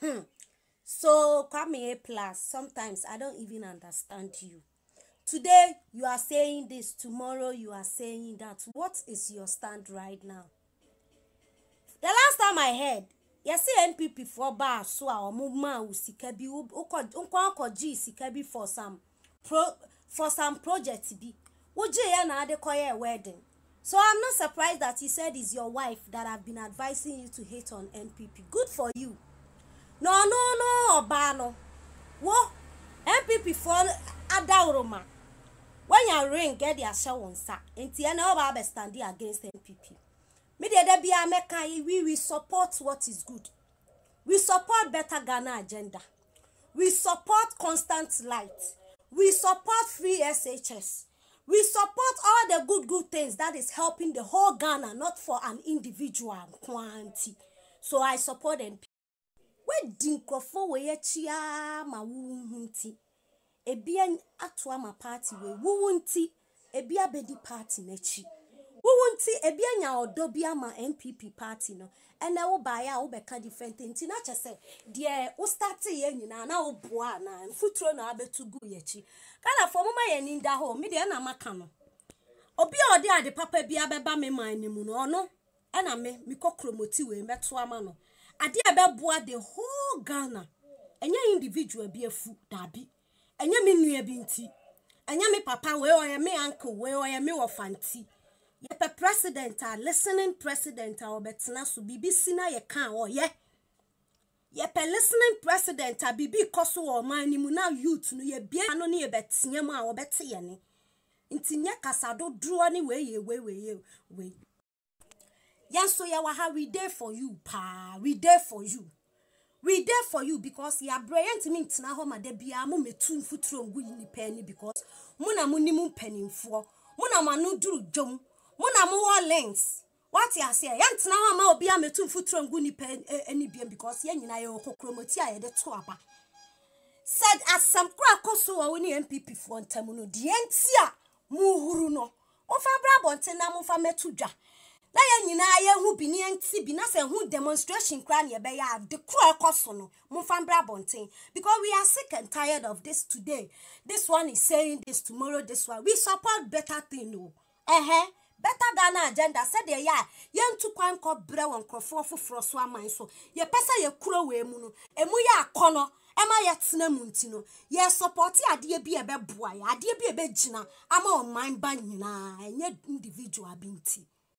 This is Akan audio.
Hmm. So, Kwame A plus, sometimes I don't even understand you. Today you are saying this, tomorrow you are saying that. What is your stand right now? The last time I heard, yɛsi NPP fo baa so a wɔn maa wò sika bi wokɔ nkɔ nkɔ gye sika bi for some pro for some project bi wogye yɛ na ade kɔ yɛ wedding. So I'm not surprised that you said it's your wife that have been advising you to hate on NPP. Good for you na ọnụ ọnụ ọba nọ wo npp fọọ ada oroma wọnya ring get gẹdi ahyɛ wọn nsa nti ɛna ɔba abɛstandi against npp media de bi amɛka yi we we support what is good we support better ghana agenda we support constant light we support free shs we support all the good good things that is helping the whole ghana not for an individual kwanti so i support npp. woadi nkurɔfoɔ wɔ yɛkyia ma wowu ho nti ebi ato ama party wee wuwu nti ebi abɛdi party n'akyi wuwu nti ebi anya ɔdɔ bi ama npp party no ɛna wo baeɛ a wobɛka different nti na kyɛ sɛ deɛ wo starte yɛ nyinaa na woboa anaa mfuturo na wabɛtu gu yɛkyi ghanafoɔ moma yɛ ani da hɔ medeɛ ɛna maka no obi a ɔde ade papa bi abɛba me man no mu no ɔno ɛna me mekɔ kromoti wee mɛto ama no adeɛ a ɛbɛboa the whole ghana ɛnyɛ individual bi afu daabi ɛnyɛ me nua bi nti ɛnyɛ me papa wei ɔyɛ me uncle wei ɔyɛ me wɔfa nti yɛpɛ president a listening president a ɔbɛtena so biribi si na yɛka a ɔyɛ yɛpɛ listening president a biribi kɔ so wɔ ɔman no mu na youth no yɛbie ano ne yɛbɛteɛ mu a wɔbɛte yɛne nti nyɛ kasa dodoɔ ne wei yɛ wei wei yɛ wei yɛnso yɛwɔ ha we dey for you paa we dey for you we dey for you because yɛabrɛ yɛntumi ntena hɔ ma da biara mo mɛtu mfuturo ngu yi nipa ani because mo na mo nim mpanimfoɔ mo na mo ano duru dwom mo na mo wɔ lens wate aseɛ yɛntena hɔ ama obi a mɛtu mfuturo ngu nipa ani e, e, biam because yɛn nyinaa yɛwɔ kokromoti a yɛde to aba sɛ asɛm koro akɔ so wɔ wo ne npp foɔ ntam no deɛ nti a mohuru no mofa brɛ abɔnten na mofa mɛto dwa na yɛn nyinaa yɛhu bi ne yɛnti bi na sɛ hu demonstration koraa ne yɛbɛyɛ a de koro ɛkɔ so no momfa mbrɛ abɔnten because we are sick and tired of this today this one is saying this tomorrow this one we support better thing o oh. ɛhɛn better than agenda sɛdeɛ yɛ a yɛntu kwan kɔ brɛ wɔ nkurɔfoɔ foforɔ so aman so yɛpɛ sɛ yɛkuro wɔ emu no emu yɛ akɔnɔ ɛma yɛtena mu nti no yɛsɔpɔte adeɛ bi a ɛbɛboa yɛ adeɛ bi a ɛbɛgyina ama ɔman ba nyinaa ɛnyɛ individual bi nti.